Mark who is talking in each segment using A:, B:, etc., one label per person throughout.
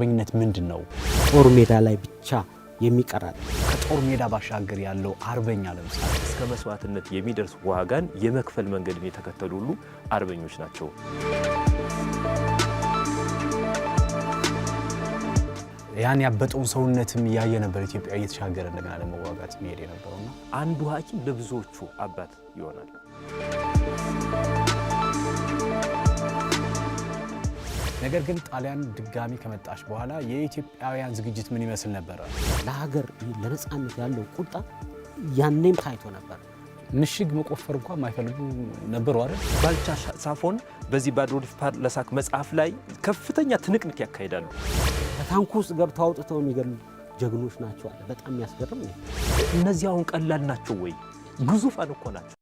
A: አርበኝነት ምንድን ነው? ጦር ሜዳ ላይ ብቻ የሚቀራል ከጦር ሜዳ ባሻገር ያለው አርበኛ ለምሳሌ እስከ መስዋዕትነት የሚደርስ ዋጋን የመክፈል መንገድን የተከተሉ ሁሉ አርበኞች ናቸው። ያን ያበጠውን ሰውነትም እያየ ነበር ኢትዮጵያ እየተሻገረ እንደገና ለመዋጋት መሄድ የነበረውና አንዱ ሐኪም ለብዙዎቹ አባት ይሆናል። ነገር ግን ጣሊያን ድጋሚ ከመጣች በኋላ የኢትዮጵያውያን ዝግጅት ምን ይመስል ነበረ? ለሀገር ለነፃነት ያለው ቁጣ ያኔም ታይቶ ነበር። ምሽግ መቆፈር እንኳ የማይፈልጉ ነበሩ አይደል? ባልቻ ሳፎን በዚህ ባድ ፓርለሳክ መጽሐፍ ላይ ከፍተኛ ትንቅንቅ ያካሄዳሉ። ከታንኩ ውስጥ ገብተው አውጥተው የሚገሉ ጀግኖች ናቸው አለ። በጣም የሚያስገርም ነው። እነዚህ አሁን ቀላል ናቸው ወይ? ግዙፍ አልኮ ናቸው።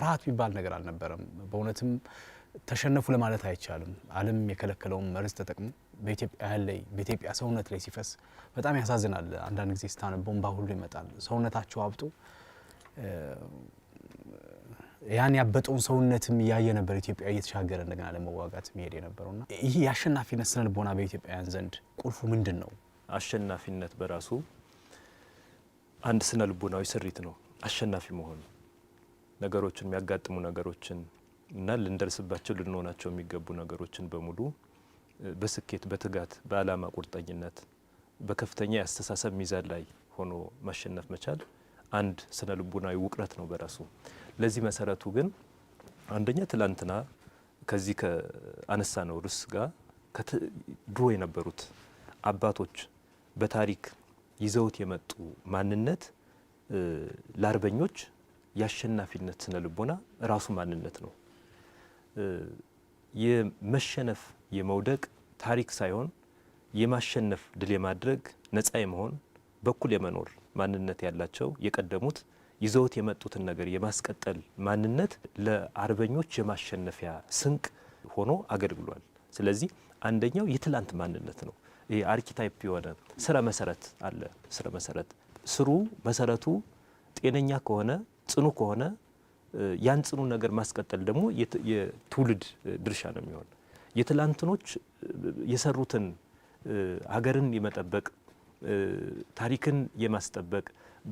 A: ፍርሃት የሚባል ነገር አልነበረም። በእውነትም ተሸነፉ ለማለት አይቻልም። ዓለም የከለከለውን መርዝ ተጠቅሞ በኢትዮጵያ ላይ በኢትዮጵያ ሰውነት ላይ ሲፈስ በጣም ያሳዝናል። አንዳንድ ጊዜ ስታነበው ባሁሉ ሁሉ ይመጣል። ሰውነታቸው አብጦ ያን ያበጠውን ሰውነትም እያየ ነበር ኢትዮጵያ እየተሻገረ እንደገና ለመዋጋት መሄድ ና ይህ የአሸናፊነት ስነ ልቦና በኢትዮጵያውያን ዘንድ ቁልፉ ምንድን ነው? አሸናፊነት በራሱ አንድ ስነ ልቦናዊ ስሪት ነው። አሸናፊ መሆኑ ነገሮችን የሚያጋጥሙ ነገሮችን እና ልንደርስባቸው ልንሆናቸው የሚገቡ ነገሮችን በሙሉ በስኬት በትጋት በአላማ ቁርጠኝነት በከፍተኛ የአስተሳሰብ ሚዛን ላይ ሆኖ ማሸነፍ መቻል አንድ ስነ ልቡናዊ ውቅረት ነው በራሱ። ለዚህ መሰረቱ ግን አንደኛ ትላንትና ከዚህ ከአነሳ ነው ርስ ጋር ድሮ የነበሩት አባቶች በታሪክ ይዘውት የመጡ ማንነት ለአርበኞች የአሸናፊነት ስነ ልቦና ራሱ ማንነት ነው። የመሸነፍ የመውደቅ ታሪክ ሳይሆን የማሸነፍ ድል የማድረግ ነፃ የመሆን በኩል የመኖር ማንነት ያላቸው የቀደሙት ይዘውት የመጡትን ነገር የማስቀጠል ማንነት ለአርበኞች የማሸነፊያ ስንቅ ሆኖ አገልግሏል። ስለዚህ አንደኛው የትላንት ማንነት ነው። ይሄ አርኪታይፕ የሆነ ስረ መሰረት አለ። ስረ መሰረት ስሩ መሰረቱ ጤነኛ ከሆነ ጽኑ ከሆነ ያን ጽኑ ነገር ማስቀጠል ደግሞ የትውልድ ድርሻ ነው የሚሆን። የትላንትኖች የሰሩትን ሀገርን የመጠበቅ ታሪክን የማስጠበቅ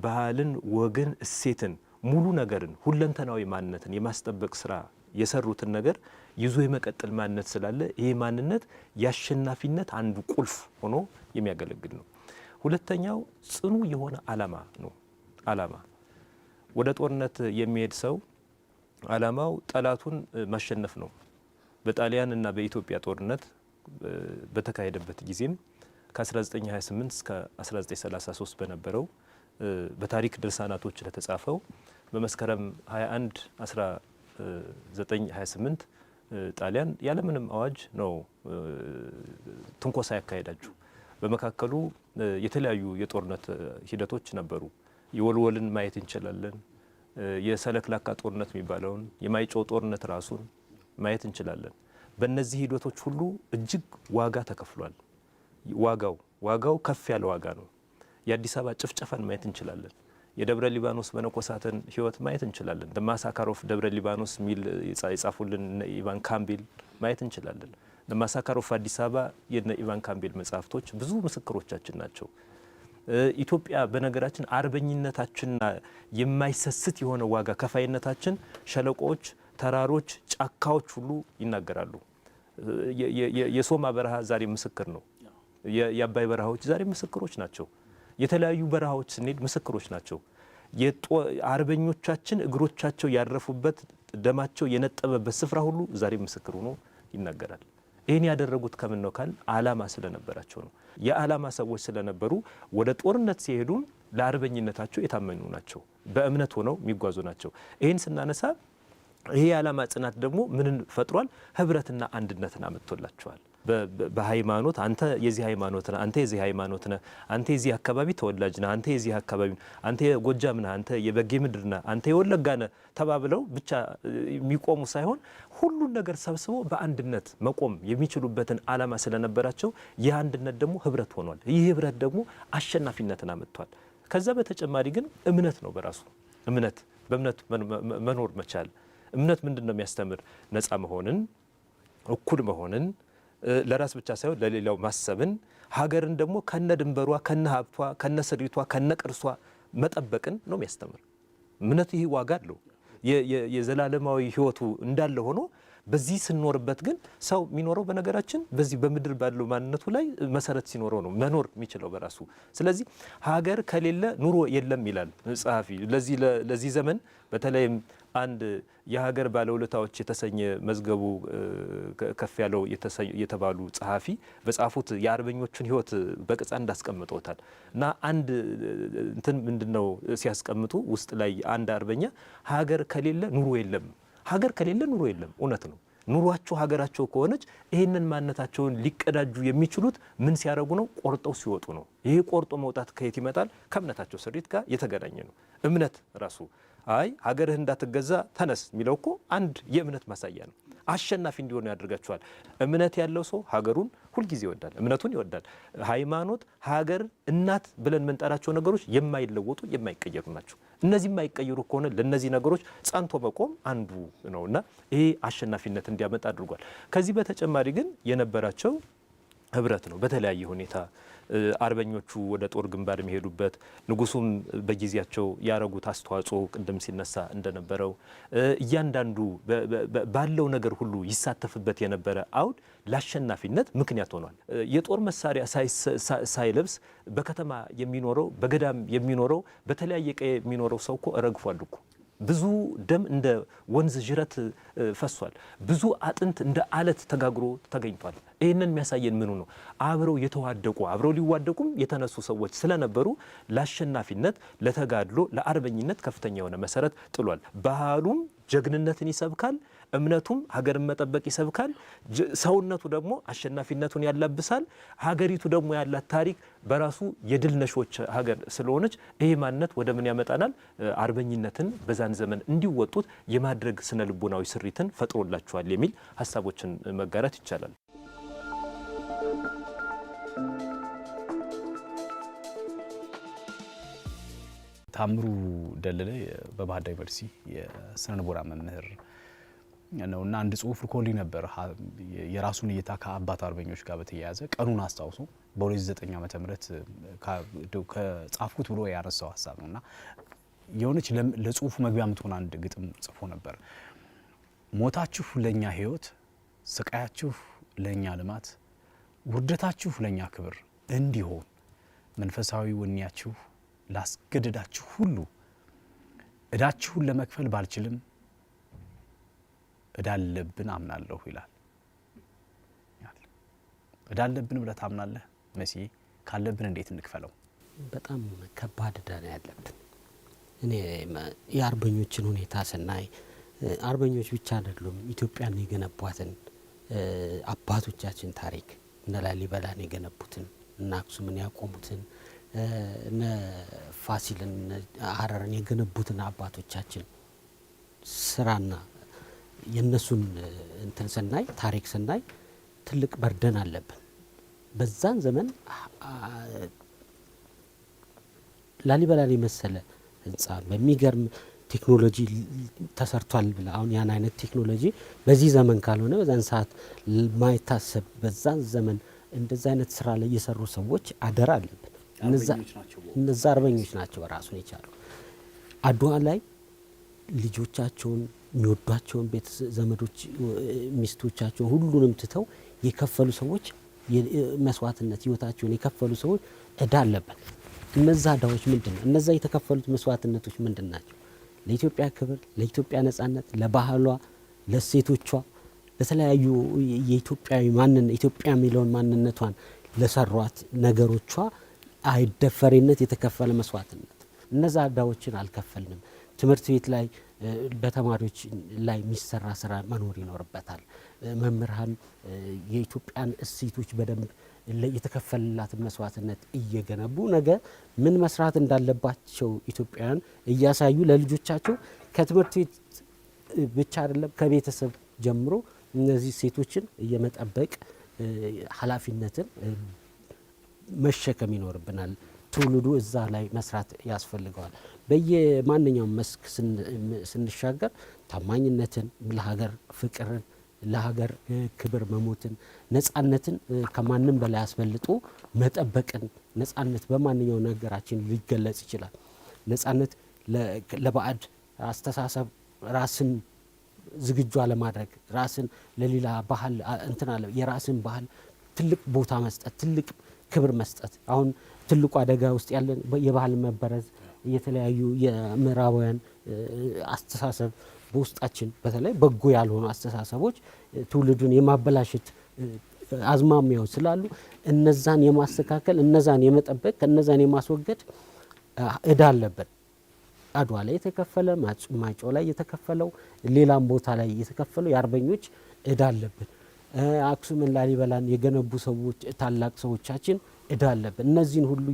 A: ባህልን፣ ወግን፣ እሴትን፣ ሙሉ ነገርን ሁለንተናዊ ማንነትን የማስጠበቅ ስራ የሰሩትን ነገር ይዞ የመቀጠል ማንነት ስላለ ይሄ ማንነት የአሸናፊነት አንዱ ቁልፍ ሆኖ የሚያገለግል ነው። ሁለተኛው ጽኑ የሆነ አላማ ነው። አላማ? ወደ ጦርነት የሚሄድ ሰው አላማው ጠላቱን ማሸነፍ ነው። በጣሊያን እና በኢትዮጵያ ጦርነት በተካሄደበት ጊዜም ከ1928 እስከ 1933 በነበረው በታሪክ ድርሳናቶች ለተጻፈው በመስከረም 21 1928 ጣሊያን ያለምንም አዋጅ ነው ትንኮሳ ያካሄዳችሁ። በመካከሉ የተለያዩ የጦርነት ሂደቶች ነበሩ። የወልወልን ማየት እንችላለን። የሰለክላካ ጦርነት የሚባለውን የማይጨው ጦርነት ራሱን ማየት እንችላለን። በእነዚህ ሂደቶች ሁሉ እጅግ ዋጋ ተከፍሏል። ዋጋው ዋጋው ከፍ ያለ ዋጋ ነው። የአዲስ አበባ ጭፍጨፋን ማየት እንችላለን። የደብረ ሊባኖስ መነኮሳትን ህይወት ማየት እንችላለን። ደማሳካሮፍ ደብረ ሊባኖስ ሚል የጻፉልን ኢቫን ካምቢል ማየት እንችላለን። ደማሳካሮፍ አዲስ አበባ ኢቫን ካምቢል መጽሐፍቶች ብዙ ምስክሮቻችን ናቸው። ኢትዮጵያ በነገራችን አርበኝነታችንና የማይሰስት የሆነ ዋጋ ከፋይነታችን ሸለቆዎች፣ ተራሮች፣ ጫካዎች ሁሉ ይናገራሉ። የሶማ በረሃ ዛሬ ምስክር ነው። የአባይ በረሃዎች ዛሬ ምስክሮች ናቸው። የተለያዩ በረሃዎች ስንሄድ ምስክሮች ናቸው። አርበኞቻችን እግሮቻቸው ያረፉበት፣ ደማቸው የነጠበበት ስፍራ ሁሉ ዛሬ ምስክር ሆኖ ይናገራል። ይህን ያደረጉት ከምን ነው ካል አላማ ስለነበራቸው ነው። የአላማ ሰዎች ስለነበሩ ወደ ጦርነት ሲሄዱም ለአርበኝነታቸው የታመኑ ናቸው። በእምነት ሆነው የሚጓዙ ናቸው። ይህን ስናነሳ ይሄ የዓላማ ጽናት ደግሞ ምንን ፈጥሯል? ህብረትና አንድነትን አመጥቶላቸዋል። በሃይማኖት አንተ የዚህ ሃይማኖት ነህ፣ አንተ የዚህ ሃይማኖት ነህ፣ አንተ የዚህ አካባቢ ተወላጅ ነህ፣ አንተ የዚህ አካባቢ አንተ የጎጃም ነህ፣ አንተ የበጌ ምድር ነህ፣ አንተ የወለጋ ነህ ተባብለው ብቻ የሚቆሙ ሳይሆን ሁሉን ነገር ሰብስቦ በአንድነት መቆም የሚችሉበትን ዓላማ ስለነበራቸው ይህ አንድነት ደግሞ ህብረት ሆኗል። ይህ ህብረት ደግሞ አሸናፊነትን አመጥቷል። ከዛ በተጨማሪ ግን እምነት ነው በራሱ እምነት በእምነት መኖር መቻል እምነት ምንድን ነው የሚያስተምር? ነፃ መሆንን፣ እኩል መሆንን፣ ለራስ ብቻ ሳይሆን ለሌላው ማሰብን፣ ሀገርን ደግሞ ከነ ድንበሯ ከነ ሀብቷ ከነ ስሪቷ ከነ ቅርሷ መጠበቅን ነው የሚያስተምር። እምነት ይህ ዋጋ አለው። የዘላለማዊ ህይወቱ እንዳለ ሆኖ በዚህ ስንኖርበት ግን ሰው የሚኖረው በነገራችን በዚህ በምድር ባለው ማንነቱ ላይ መሰረት ሲኖረው ነው መኖር የሚችለው በራሱ። ስለዚህ ሀገር ከሌለ ኑሮ የለም ይላል ጸሐፊ። ለዚህ ዘመን በተለይም አንድ የሀገር ባለውለታዎች የተሰኘ መዝገቡ ከፍ ያለው የተባሉ ጸሐፊ በጻፉት የአርበኞቹን ሕይወት በቅጻ እንዳስቀምጠውታል እና አንድ እንትን ምንድን ነው ሲያስቀምጡ ውስጥ ላይ አንድ አርበኛ ሀገር ከሌለ ኑሮ የለም፣ ሀገር ከሌለ ኑሮ የለም። እውነት ነው። ኑሯቸው ሀገራቸው ከሆነች ይህንን ማንነታቸውን ሊቀዳጁ የሚችሉት ምን ሲያደርጉ ነው? ቆርጠው ሲወጡ ነው። ይሄ ቆርጦ መውጣት ከየት ይመጣል? ከእምነታቸው ስሪት ጋር የተገናኘ ነው። እምነት ራሱ አይ ሀገርህ እንዳትገዛ ተነስ የሚለው እኮ አንድ የእምነት ማሳያ ነው። አሸናፊ እንዲሆኑ ያደርጋቸዋል። እምነት ያለው ሰው ሀገሩን ሁልጊዜ ይወዳል፣ እምነቱን ይወዳል። ሃይማኖት፣ ሀገር፣ እናት ብለን የምንጠራቸው ነገሮች የማይለወጡ የማይቀየሩ ናቸው። እነዚህ የማይቀየሩ ከሆነ ለእነዚህ ነገሮች ጸንቶ መቆም አንዱ ነው እና ይሄ አሸናፊነት እንዲያመጣ አድርጓል። ከዚህ በተጨማሪ ግን የነበራቸው ህብረት ነው በተለያየ ሁኔታ አርበኞቹ ወደ ጦር ግንባር የሚሄዱበት ንጉሱም በጊዜያቸው ያረጉት አስተዋጽኦ ቅድም ሲነሳ እንደነበረው እያንዳንዱ ባለው ነገር ሁሉ ይሳተፍበት የነበረ አውድ ለአሸናፊነት ምክንያት ሆኗል። የጦር መሳሪያ ሳይለብስ በከተማ የሚኖረው በገዳም የሚኖረው በተለያየ ቀ የሚኖረው ሰው እኮ ረግፏል እኮ ብዙ ደም እንደ ወንዝ ጅረት ፈሷል። ብዙ አጥንት እንደ አለት ተጋግሮ ተገኝቷል። ይህንን የሚያሳየን ምኑ ነው? አብረው የተዋደቁ አብረው ሊዋደቁም የተነሱ ሰዎች ስለነበሩ ለአሸናፊነት፣ ለተጋድሎ፣ ለአርበኝነት ከፍተኛ የሆነ መሰረት ጥሏል። ባህሉም ጀግንነትን ይሰብካል። እምነቱም ሀገርን መጠበቅ ይሰብካል። ሰውነቱ ደግሞ አሸናፊነቱን ያላብሳል። ሀገሪቱ ደግሞ ያላት ታሪክ በራሱ የድል ነሾች ሀገር ስለሆነች ይህ ማንነት ወደ ምን ያመጣናል? አርበኝነትን በዛን ዘመን እንዲወጡት የማድረግ ስነ ልቦናዊ ስሪትን ፈጥሮላቸዋል የሚል ሀሳቦችን መጋራት ይቻላል። ታምሩ ደለለ በባህር ዳር ዩኒቨርሲቲ የስነ ልቦና መምህር ነው እና አንድ ጽሁፍ ልኮልኝ ነበር የራሱን እይታ ከአባት አርበኞች ጋር በተያያዘ ቀኑን አስታውሶ በ2009 ዓ ም ከጻፍኩት ብሎ ያነሳው ሀሳብ ነው እና የሆነች ለጽሁፉ መግቢያ የምትሆን አንድ ግጥም ጽፎ ነበር። ሞታችሁ ለእኛ ህይወት፣ ስቃያችሁ ለእኛ ልማት፣ ውርደታችሁ ለእኛ ክብር እንዲሆን መንፈሳዊ ወኔያችሁ ላስገደዳችሁ ሁሉ እዳችሁን ለመክፈል ባልችልም እዳለብን አምናለሁ ይላል። እዳለብን ብለህ ታምናለህ መሲ? ካለብን እንዴት እንክፈለው?
B: በጣም ከባድ እዳ ነው ያለብን። እኔ የአርበኞችን ሁኔታ ስናይ አርበኞች ብቻ አይደሉም ኢትዮጵያን የገነቧትን አባቶቻችን ታሪክ እነ ላሊበላን የገነቡትን እነ አክሱምን ያቆሙትን እነ ፋሲልን ሀረርን የገነቡትን አባቶቻችን ስራና የእነሱን እንትን ስናይ ታሪክ ስናይ ትልቅ በርደን አለብን። በዛን ዘመን ላሊበላን የመሰለ ህንፃ በሚገርም ቴክኖሎጂ ተሰርቷል ብለ አሁን ያን አይነት ቴክኖሎጂ በዚህ ዘመን ካልሆነ በዛን ሰዓት ማይታሰብ በዛን ዘመን እንደዚ አይነት ስራ ላይ የሰሩ ሰዎች አደራ አለብን። እነዛ አርበኞች ናቸው ራሱን የቻሉ አድዋ ላይ ልጆቻቸውን የሚወዷቸውን ቤት ዘመዶች፣ ሚስቶቻቸውን ሁሉንም ትተው የከፈሉ ሰዎች መስዋዕትነት ህይወታቸውን የከፈሉ ሰዎች እዳ አለበት። እነዛ እዳዎች ምንድን ነው? እነዛ የተከፈሉት መስዋዕትነቶች ምንድን ናቸው? ለኢትዮጵያ ክብር፣ ለኢትዮጵያ ነጻነት፣ ለባህሏ፣ ለሴቶቿ፣ ለተለያዩ የኢትዮጵያዊ ማንነት ኢትዮጵያ የሚለውን ማንነቷን ለሰሯት ነገሮቿ አይደፈሪነት የተከፈለ መስዋዕትነት እነዛ እዳዎችን አልከፈልንም። ትምህርት ቤት ላይ በተማሪዎች ላይ የሚሰራ ስራ መኖር ይኖርበታል። መምህራን የኢትዮጵያን እሴቶች በደንብ የተከፈልላትን መስዋዕትነት እየገነቡ ነገ ምን መስራት እንዳለባቸው ኢትዮጵያውያን እያሳዩ ለልጆቻቸው ከትምህርት ቤት ብቻ አይደለም ከቤተሰብ ጀምሮ እነዚህ ሴቶችን የመጠበቅ ኃላፊነትን መሸከም ይኖርብናል። ትውልዱ እዛ ላይ መስራት ያስፈልገዋል። በየማንኛውም መስክ ስንሻገር ታማኝነትን፣ ለሀገር ፍቅርን፣ ለሀገር ክብር መሞትን፣ ነፃነትን ከማንም በላይ አስበልጦ መጠበቅን። ነፃነት በማንኛው ነገራችን ሊገለጽ ይችላል። ነፃነት ለባዕድ አስተሳሰብ ራስን ዝግጁ አለማድረግ፣ ራስን ለሌላ ባህል እንትን አለ የራስን ባህል ትልቅ ቦታ መስጠት ትልቅ ክብር መስጠት። አሁን ትልቁ አደጋ ውስጥ ያለን የባህል መበረዝ፣ የተለያዩ የምዕራባውያን አስተሳሰብ በውስጣችን በተለይ በጎ ያልሆኑ አስተሳሰቦች ትውልዱን የማበላሸት አዝማሚያዎች ስላሉ እነዛን የማስተካከል እነዛን የመጠበቅ እነዛን የማስወገድ እዳ አለብን። አድዋ ላይ የተከፈለ ማጮ ላይ የተከፈለው ሌላም ቦታ ላይ የተከፈለው የአርበኞች እዳ አለብን። አክሱምን ላሊበላን የገነቡ ሰዎች ታላቅ ሰዎቻችን እዳ አለብን። እነዚህን ሁሉ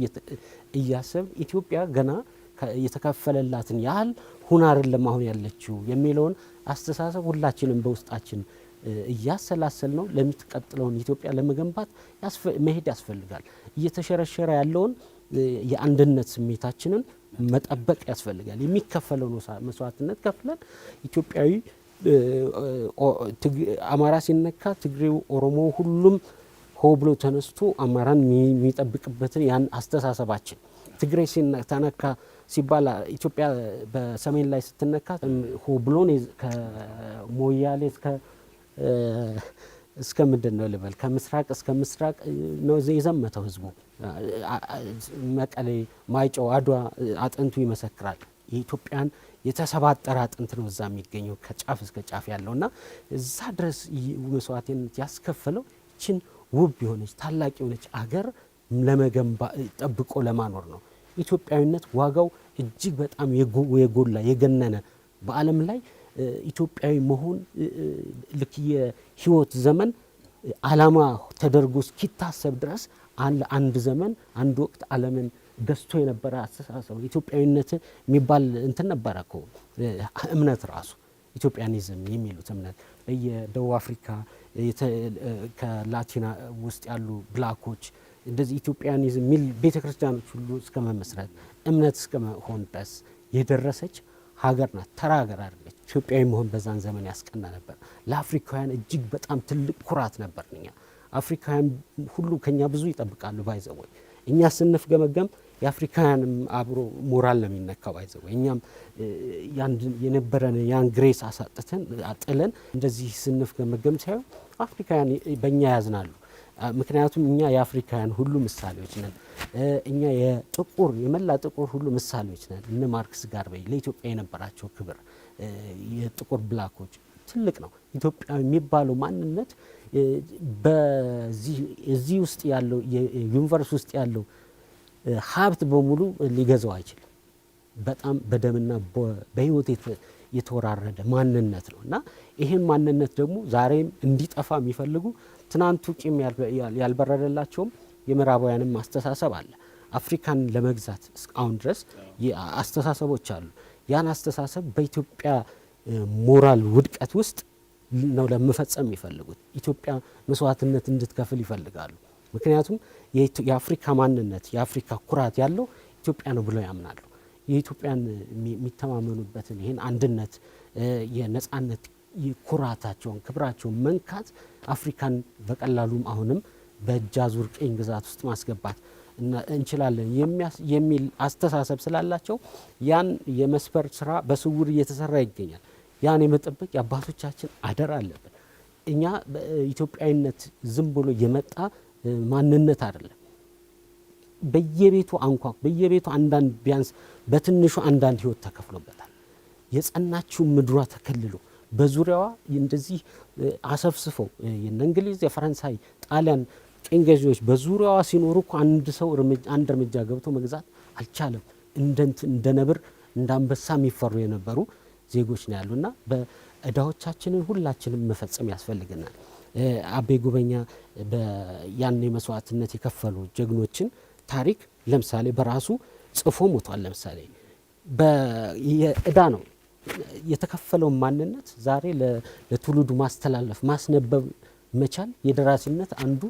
B: እያሰብን ኢትዮጵያ ገና የተከፈለላትን ያህል ሁናርን ለማሆን ያለችው የሚለውን አስተሳሰብ ሁላችንም በውስጣችን እያሰላሰል ነው። ለምትቀጥለውን ኢትዮጵያ ለመገንባት መሄድ ያስፈልጋል። እየተሸረሸረ ያለውን የአንድነት ስሜታችንን መጠበቅ ያስፈልጋል። የሚከፈለውን መስዋዕትነት ከፍለን ኢትዮጵያዊ አማራ ሲነካ ትግሬው፣ ኦሮሞ ሁሉም ሆ ብሎ ተነስቶ አማራን የሚጠብቅበትን ያን አስተሳሰባችን ትግሬ ሲተነካ ሲባል ኢትዮጵያ በሰሜን ላይ ስትነካ ሆ ብሎ ከሞያሌ እስከ ምንድን ነው ልበል ከምስራቅ እስከ ምስራቅ ነው የዘመተው ህዝቡ። መቀሌ፣ ማይጨው፣ አድዋ አጥንቱ ይመሰክራል የኢትዮጵያን የተሰባጠረ አጥንት ነው እዛ የሚገኘው ከጫፍ እስከ ጫፍ ያለውና እዛ ድረስ መስዋዕትነት ያስከፈለው ይችን ውብ የሆነች ታላቅ የሆነች አገር ለመገንባ ጠብቆ ለማኖር ነው። ኢትዮጵያዊነት ዋጋው እጅግ በጣም የጎላ የገነነ በዓለም ላይ ኢትዮጵያዊ መሆን ልክ የህይወት ዘመን አላማ ተደርጎ እስኪታሰብ ድረስ አንድ ዘመን አንድ ወቅት ዓለምን ገዝቶ የነበረ አስተሳሰብ ኢትዮጵያዊነት የሚባል እንትን ነበረ እኮ እምነት ራሱ ኢትዮጵያኒዝም የሚሉት እምነት የደቡብ አፍሪካ ከላቲና ውስጥ ያሉ ብላኮች እንደዚህ ኢትዮጵያኒዝም የሚል ቤተ ክርስቲያኖች ሁሉ እስከ መመስረት እምነት እስከ መሆን ድረስ የደረሰች ሀገር ናት። ተራ ሀገር አደለች። ኢትዮጵያዊ መሆን በዛን ዘመን ያስቀና ነበር። ለአፍሪካውያን እጅግ በጣም ትልቅ ኩራት ነበር። እኛ አፍሪካውያን ሁሉ ከኛ ብዙ ይጠብቃሉ። ባይዘወይ እኛ ስንፍ ገመገም የአፍሪካውያንም አብሮ ሞራል ነው የሚነካው። አይዘው እኛም የነበረን ያን ግሬስ አሳጥተን አጥለን እንደዚህ ስንፍ ገመገም ሳይሆን አፍሪካውያን በእኛ ያዝናሉ። ምክንያቱም እኛ የአፍሪካውያን ሁሉ ምሳሌዎች ነን። እኛ የጥቁር የመላ ጥቁር ሁሉ ምሳሌዎች ነን። እነ ማርክስ ጋር በይ ለኢትዮጵያ የነበራቸው ክብር የጥቁር ብላኮች ትልቅ ነው። ኢትዮጵያ የሚባለው ማንነት በዚህ እዚህ ውስጥ ያለው ዩኒቨርስ ውስጥ ያለው ሀብት በሙሉ ሊገዛው አይችልም። በጣም በደምና በህይወት የተወራረደ ማንነት ነው እና ይህን ማንነት ደግሞ ዛሬም እንዲጠፋ የሚፈልጉ ትናንቱ ቂም ያልበረደላቸውም የምዕራባውያንም አስተሳሰብ አለ። አፍሪካን ለመግዛት እስካሁን ድረስ አስተሳሰቦች አሉ። ያን አስተሳሰብ በኢትዮጵያ ሞራል ውድቀት ውስጥ ነው ለመፈጸም የሚፈልጉት። ኢትዮጵያ መስዋዕትነት እንድትከፍል ይፈልጋሉ። ምክንያቱም የአፍሪካ ማንነት የአፍሪካ ኩራት ያለው ኢትዮጵያ ነው ብለው ያምናሉ። የኢትዮጵያን የሚተማመኑበትን ይህን አንድነት የነጻነት ኩራታቸውን ክብራቸውን መንካት አፍሪካን በቀላሉም አሁንም በእጃዙር አዙር ቅኝ ግዛት ውስጥ ማስገባት እንችላለን የሚል አስተሳሰብ ስላላቸው ያን የመስፈር ስራ በስውር እየተሰራ ይገኛል። ያን የመጠበቅ የአባቶቻችን አደራ አለብን። እኛ ኢትዮጵያዊነት ዝም ብሎ የመጣ ማንነት አይደለም። በየቤቱ አንኳኩ፣ በየቤቱ አንዳንድ ቢያንስ በትንሹ አንዳንድ ህይወት ተከፍሎበታል። የጸናችው ምድሯ ተከልሎ በዙሪያዋ እንደዚህ አሰፍስፈው የነ እንግሊዝ፣ የፈረንሳይ፣ ጣሊያን ቅኝ ገዢዎች በዙሪያዋ ሲኖሩ እኮ አንድ ሰው አንድ እርምጃ ገብቶ መግዛት አልቻለም። እንደ ነብር እንደ አንበሳ የሚፈሩ የነበሩ ዜጎች ነው ያሉና በእዳዎቻችንን ሁላችንም መፈጸም ያስፈልገናል። አቤ ጉበኛ ያን መስዋዕትነት የከፈሉ ጀግኖችን ታሪክ ለምሳሌ በራሱ ጽፎ ሞቷል። ለምሳሌ የእዳ ነው የተከፈለውን ማንነት ዛሬ ለትውልዱ ማስተላለፍ ማስነበብ መቻል የደራሲነት አንዱ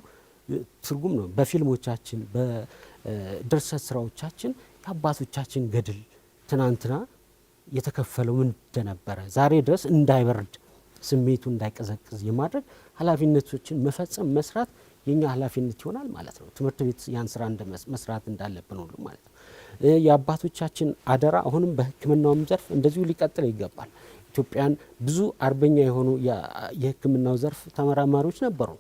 B: ትርጉም ነው። በፊልሞቻችን በድርሰት ስራዎቻችን የአባቶቻችን ገድል ትናንትና የተከፈለው ምን እንደነበረ ዛሬ ድረስ እንዳይበርድ ስሜቱ እንዳይቀዘቅዝ የማድረግ ኃላፊነቶችን መፈጸም መስራት የኛ ኃላፊነት ይሆናል ማለት ነው። ትምህርት ቤት ያን ስራ መስራት እንዳለብን ሁሉ ማለት ነው። የአባቶቻችን አደራ አሁንም በሕክምናውም ዘርፍ እንደዚሁ ሊቀጥል ይገባል። ኢትዮጵያን ብዙ አርበኛ የሆኑ የሕክምናው ዘርፍ ተመራማሪዎች ነበሩ።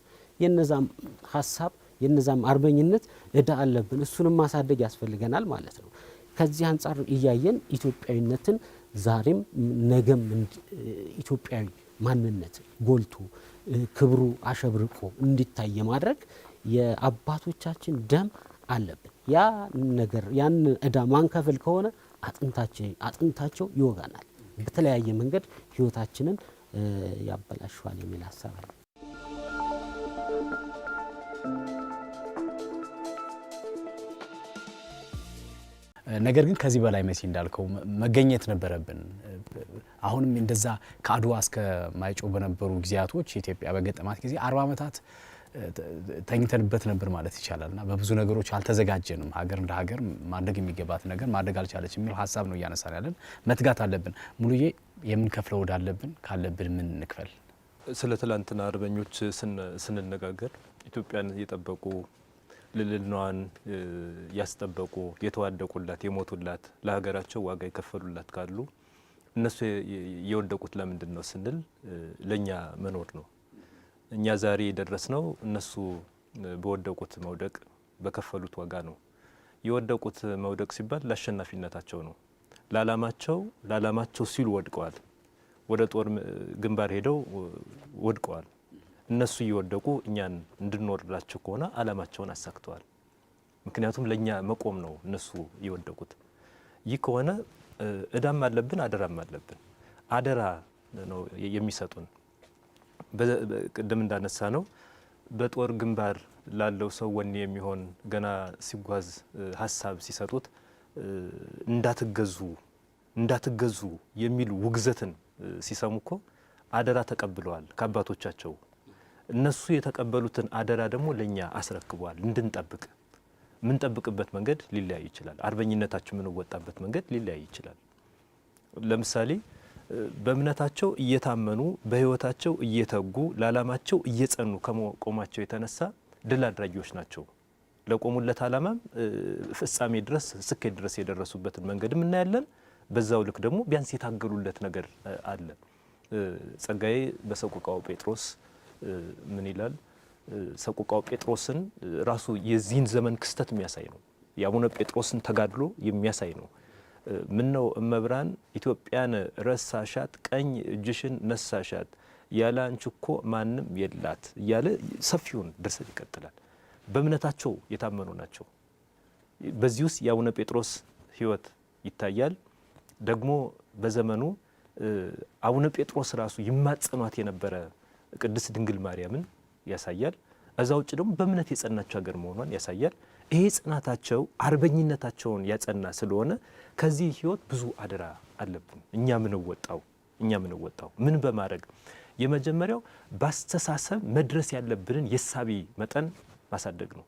B: የነዛም ሀሳብ የነዛም አርበኝነት እዳ አለብን፣ እሱንም ማሳደግ ያስፈልገናል ማለት ነው። ከዚህ አንጻር እያየን ኢትዮጵያዊነትን ዛሬም ነገም ኢትዮጵያዊ ማንነት ጎልቶ ክብሩ አሸብርቆ እንዲታይ የማድረግ የአባቶቻችን ደም አለብን። ያ ነገር ያን እዳ ማንከፍል ከሆነ አጥንታቸው ይወጋናል፣ በተለያየ መንገድ ህይወታችንን ያበላሸዋል የሚል ሀሳብ አለ።
A: ነገር ግን ከዚህ በላይ መሲ እንዳልከው መገኘት ነበረብን። አሁንም እንደዛ ከአድዋ እስከ ማይጮ በነበሩ ጊዜያቶች ኢትዮጵያ በገጠማት ጊዜ አርባ ዓመታት ተኝተንበት ነበር ማለት ይቻላል እና በብዙ ነገሮች አልተዘጋጀንም። ሀገር እንደ ሀገር ማድረግ የሚገባት ነገር ማድረግ አልቻለች የሚለው ሀሳብ ነው እያነሳን ያለን። መትጋት አለብን። ሙሉዬ የምንከፍለው ወዳለብን ካለብን ምን እንክፈል? ስለ ትላንትና አርበኞች ስንነጋገር ኢትዮጵያን የጠበቁ ልዕልናዋን ያስጠበቁ የተዋደቁላት የሞቱላት ለሀገራቸው ዋጋ የከፈሉላት ካሉ እነሱ የወደቁት ለምንድን ነው ስንል ለእኛ መኖር ነው። እኛ ዛሬ የደረስነው እነሱ በወደቁት መውደቅ በከፈሉት ዋጋ ነው። የወደቁት መውደቅ ሲባል ለአሸናፊነታቸው ነው። ለዓላማቸው ለዓላማቸው ሲሉ ወድቀዋል። ወደ ጦር ግንባር ሄደው ወድቀዋል። እነሱ እየወደቁ እኛን እንድንወርዳቸው ከሆነ ዓላማቸውን አሳክተዋል። ምክንያቱም ለእኛ መቆም ነው እነሱ የወደቁት። ይህ ከሆነ እዳም አለብን አደራም አለብን። አደራ ነው የሚሰጡን። ቅድም እንዳነሳ ነው በጦር ግንባር ላለው ሰው ወኔ የሚሆን ገና ሲጓዝ ሀሳብ ሲሰጡት እንዳትገዙ እንዳትገዙ የሚል ውግዘትን ሲሰሙ እኮ አደራ ተቀብለዋል ከአባቶቻቸው። እነሱ የተቀበሉትን አደራ ደግሞ ለእኛ አስረክበዋል እንድንጠብቅ የምንጠብቅበት መንገድ ሊለያይ ይችላል። አርበኝነታችን የምንወጣበት መንገድ ሊለያይ ይችላል። ለምሳሌ በእምነታቸው እየታመኑ በህይወታቸው እየተጉ ለዓላማቸው እየጸኑ ከመቆማቸው የተነሳ ድል አድራጊዎች ናቸው። ለቆሙለት ዓላማም ፍጻሜ ድረስ ስኬት ድረስ የደረሱበትን መንገድም እናያለን። በዛው ልክ ደግሞ ቢያንስ የታገሉለት ነገር አለ። ጸጋዬ በሰቆቃወ ጴጥሮስ ምን ይላል? ሰቆቃው ጴጥሮስን ራሱ የዚህን ዘመን ክስተት የሚያሳይ ነው። የአቡነ ጴጥሮስን ተጋድሎ የሚያሳይ ነው። ምን ነው እመብርሃን ኢትዮጵያን ረሳሻት፣ ቀኝ እጅሽን ነሳሻት፣ ያለ አንቺ እኮ ማንም የላት እያለ ሰፊውን ድርሰት ይቀጥላል። በእምነታቸው የታመኑ ናቸው። በዚህ ውስጥ የአቡነ ጴጥሮስ ሕይወት ይታያል። ደግሞ በዘመኑ አቡነ ጴጥሮስ ራሱ ይማጸኗት የነበረ ቅድስት ድንግል ማርያምን ያሳያል። እዛ ውጭ ደግሞ በእምነት የጸናቸው ሀገር መሆኗን ያሳያል። ይሄ ጽናታቸው አርበኝነታቸውን ያጸና ስለሆነ ከዚህ ህይወት ብዙ አደራ አለብን እኛ ምንወጣው እኛ ምንወጣው ምን በማድረግ የመጀመሪያው በአስተሳሰብ መድረስ ያለብንን የሳቢ መጠን ማሳደግ ነው።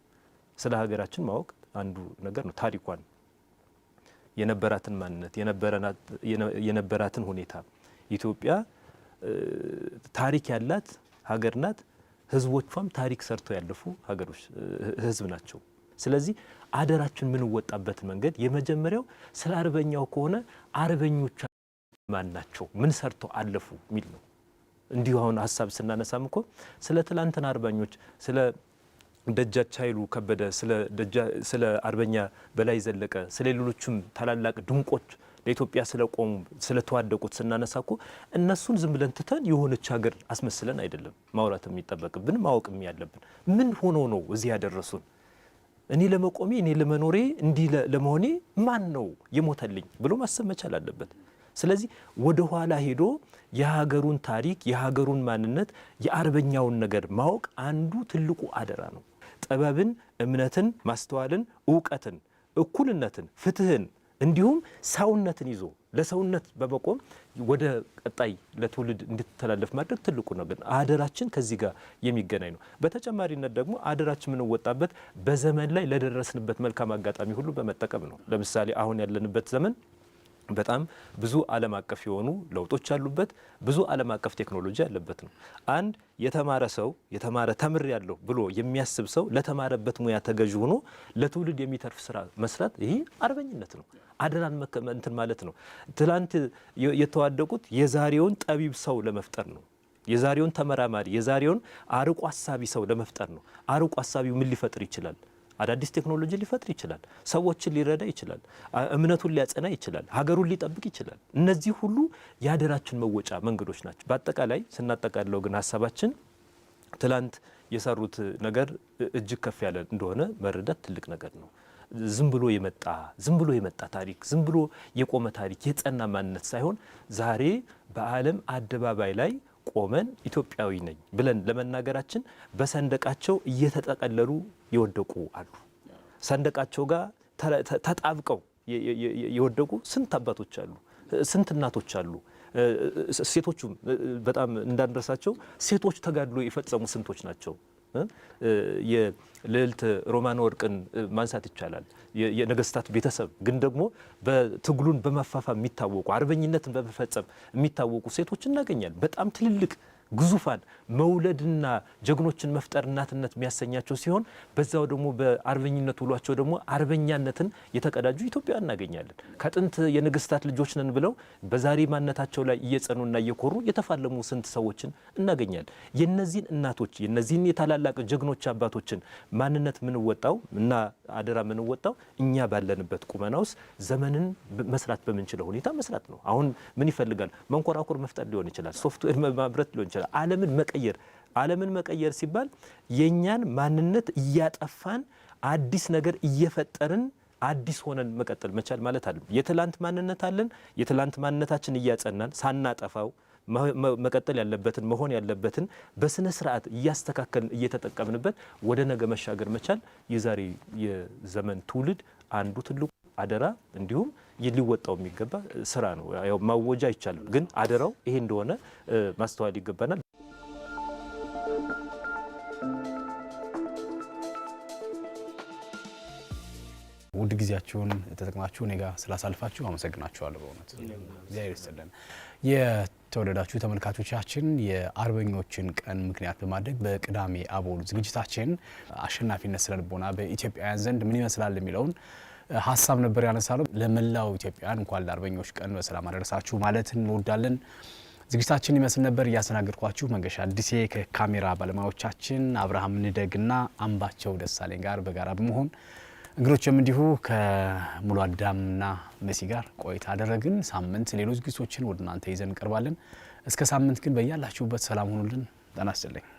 A: ስለ ሀገራችን ማወቅ አንዱ ነገር ነው። ታሪኳን፣ የነበራትን ማንነት፣ የነበራትን ሁኔታ ኢትዮጵያ ታሪክ ያላት ሀገር ናት። ህዝቦቿም ታሪክ ሰርተው ያለፉ ሀገሮች ህዝብ ናቸው። ስለዚህ አደራችን የምንወጣበትን መንገድ የመጀመሪያው ስለ አርበኛው ከሆነ አርበኞች ማን ናቸው? ምን ሰርተው አለፉ የሚል ነው። እንዲሁ አሁን ሀሳብ ስናነሳም እኮ ስለ ትላንትና አርበኞች ስለ ደጃች ኃይሉ ከበደ ስለ አርበኛ በላይ ዘለቀ ስለ ሌሎችም ታላላቅ ድንቆች ለኢትዮጵያ ስለቆሙ ስለተዋደቁት ስናነሳ እኮ እነሱን ዝም ብለን ትተን የሆነች ሀገር አስመስለን አይደለም ማውራት የሚጠበቅብን ማወቅ ያለብን ምን ሆኖ ነው እዚህ ያደረሱን። እኔ ለመቆሜ እኔ ለመኖሬ እንዲህ ለመሆኔ ማን ነው የሞተልኝ ብሎ ማሰብ መቻል አለበት። ስለዚህ ወደ ኋላ ሄዶ የሀገሩን ታሪክ የሀገሩን ማንነት የአርበኛውን ነገር ማወቅ አንዱ ትልቁ አደራ ነው። ጥበብን፣ እምነትን፣ ማስተዋልን፣ እውቀትን፣ እኩልነትን፣ ፍትህን እንዲሁም ሰውነትን ይዞ ለሰውነት በመቆም ወደ ቀጣይ ለትውልድ እንድትተላለፍ ማድረግ ትልቁ ነገር አደራችን ከዚህ ጋር የሚገናኝ ነው። በተጨማሪነት ደግሞ አደራችን የምንወጣበት በዘመን ላይ ለደረስንበት መልካም አጋጣሚ ሁሉ በመጠቀም ነው። ለምሳሌ አሁን ያለንበት ዘመን በጣም ብዙ ዓለም አቀፍ የሆኑ ለውጦች ያሉበት ብዙ ዓለም አቀፍ ቴክኖሎጂ ያለበት ነው። አንድ የተማረ ሰው የተማረ ተምር ያለው ብሎ የሚያስብ ሰው ለተማረበት ሙያ ተገዥ ሆኖ ለትውልድ የሚተርፍ ስራ መስራት ይህ አርበኝነት ነው። አደራን እንትን ማለት ነው። ትላንት የተዋደቁት የዛሬውን ጠቢብ ሰው ለመፍጠር ነው። የዛሬውን ተመራማሪ፣ የዛሬውን አርቆ አሳቢ ሰው ለመፍጠር ነው። አርቆ አሳቢው ምን ሊፈጥር ይችላል? አዳዲስ ቴክኖሎጂ ሊፈጥር ይችላል። ሰዎችን ሊረዳ ይችላል። እምነቱን ሊያጸና ይችላል። ሀገሩን ሊጠብቅ ይችላል። እነዚህ ሁሉ የአደራችን መወጫ መንገዶች ናቸው። በአጠቃላይ ስናጠቃለው ግን ሀሳባችን ትላንት የሰሩት ነገር እጅግ ከፍ ያለ እንደሆነ መረዳት ትልቅ ነገር ነው። ዝም ብሎ የመጣ ዝም ብሎ የመጣ ታሪክ ዝም ብሎ የቆመ ታሪክ የጸና ማንነት ሳይሆን ዛሬ በዓለም አደባባይ ላይ ቆመን ኢትዮጵያዊ ነኝ ብለን ለመናገራችን በሰንደቃቸው እየተጠቀለሉ የወደቁ አሉ። ሰንደቃቸው ጋር ተጣብቀው የወደቁ ስንት አባቶች አሉ፣ ስንት እናቶች አሉ። ሴቶቹም በጣም እንዳንረሳቸው ሴቶች ተጋድሎ የፈጸሙ ስንቶች ናቸው። የልዕልት ሮማን ወርቅን ማንሳት ይቻላል። የነገስታት ቤተሰብ ግን ደግሞ በትግሉን በማፋፋ የሚታወቁ አርበኝነትን በመፈጸም የሚታወቁ ሴቶች እናገኛል። በጣም ትልልቅ ግዙፋን መውለድና ጀግኖችን መፍጠር እናትነት የሚያሰኛቸው ሲሆን በዛው ደግሞ በአርበኝነት ውሏቸው ደግሞ አርበኛነትን የተቀዳጁ ኢትዮጵያ እናገኛለን። ከጥንት የንግስታት ልጆች ነን ብለው በዛሬ ማንነታቸው ላይ እየጸኑና እየኮሩ የተፋለሙ ስንት ሰዎችን እናገኛለን። የነዚህን እናቶች የነዚህን የታላላቅ ጀግኖች አባቶችን ማንነት ምንወጣው እና አደራ ምንወጣው እኛ ባለንበት ቁመና ውስጥ ዘመንን መስራት በምንችለው ሁኔታ መስራት ነው። አሁን ምን ይፈልጋል? መንኮራኩር መፍጠር ሊሆን ይችላል። ሶፍትዌር ማምረት ሊሆን ይችላል ይችላል። ዓለምን መቀየር ዓለምን መቀየር ሲባል የእኛን ማንነት እያጠፋን አዲስ ነገር እየፈጠርን አዲስ ሆነን መቀጠል መቻል ማለት አለ። የትላንት ማንነት አለን። የትላንት ማንነታችን እያጸናን ሳናጠፋው መቀጠል ያለበትን መሆን ያለበትን በስነ ስርዓት እያስተካከልን እየተጠቀምንበት ወደ ነገ መሻገር መቻል የዛሬ የዘመን ትውልድ አንዱ ትልቁ አደራ እንዲሁም ሊወጣው የሚገባ ስራ ነው። ያው ማወጃ አይቻልም፣ ግን አደራው ይሄ እንደሆነ ማስተዋል ይገባናል። ውድ ጊዜያችሁን ተጠቅማችሁ እኔ ጋር ስላሳልፋችሁ አመሰግናችኋለሁ። በእውነት እግዚአብሔር ይስጥልን። የተወደዳችሁ ተመልካቾቻችን የአርበኞችን ቀን ምክንያት በማድረግ በቅዳሜ አቦል ዝግጅታችን አሸናፊነት ስነ በኢትዮጵያውያን ዘንድ ምን ይመስላል የሚለውን ሀሳብ ነበር ያነሳ ነው። ለመላው ኢትዮጵያን እንኳን ለአርበኞች ቀን በሰላም አደረሳችሁ ማለት እንወዳለን። ዝግጅታችን ይመስል ነበር። እያስተናገድኳችሁ መንገሻ አዲሴ ከካሜራ ባለሙያዎቻችን አብርሃም ንደግና አምባቸው ደሳለኝ ጋር በጋራ በመሆን እንግዶችም እንዲሁ ከሙሉ አዳምና መሲ ጋር ቆይታ አደረግን። ሳምንት ሌሎች ዝግጅቶችን ወደ እናንተ ይዘን እንቀርባለን። እስከ ሳምንት ግን በያላችሁበት ሰላም ሁኑልን። ጤና ይስጥልኝ።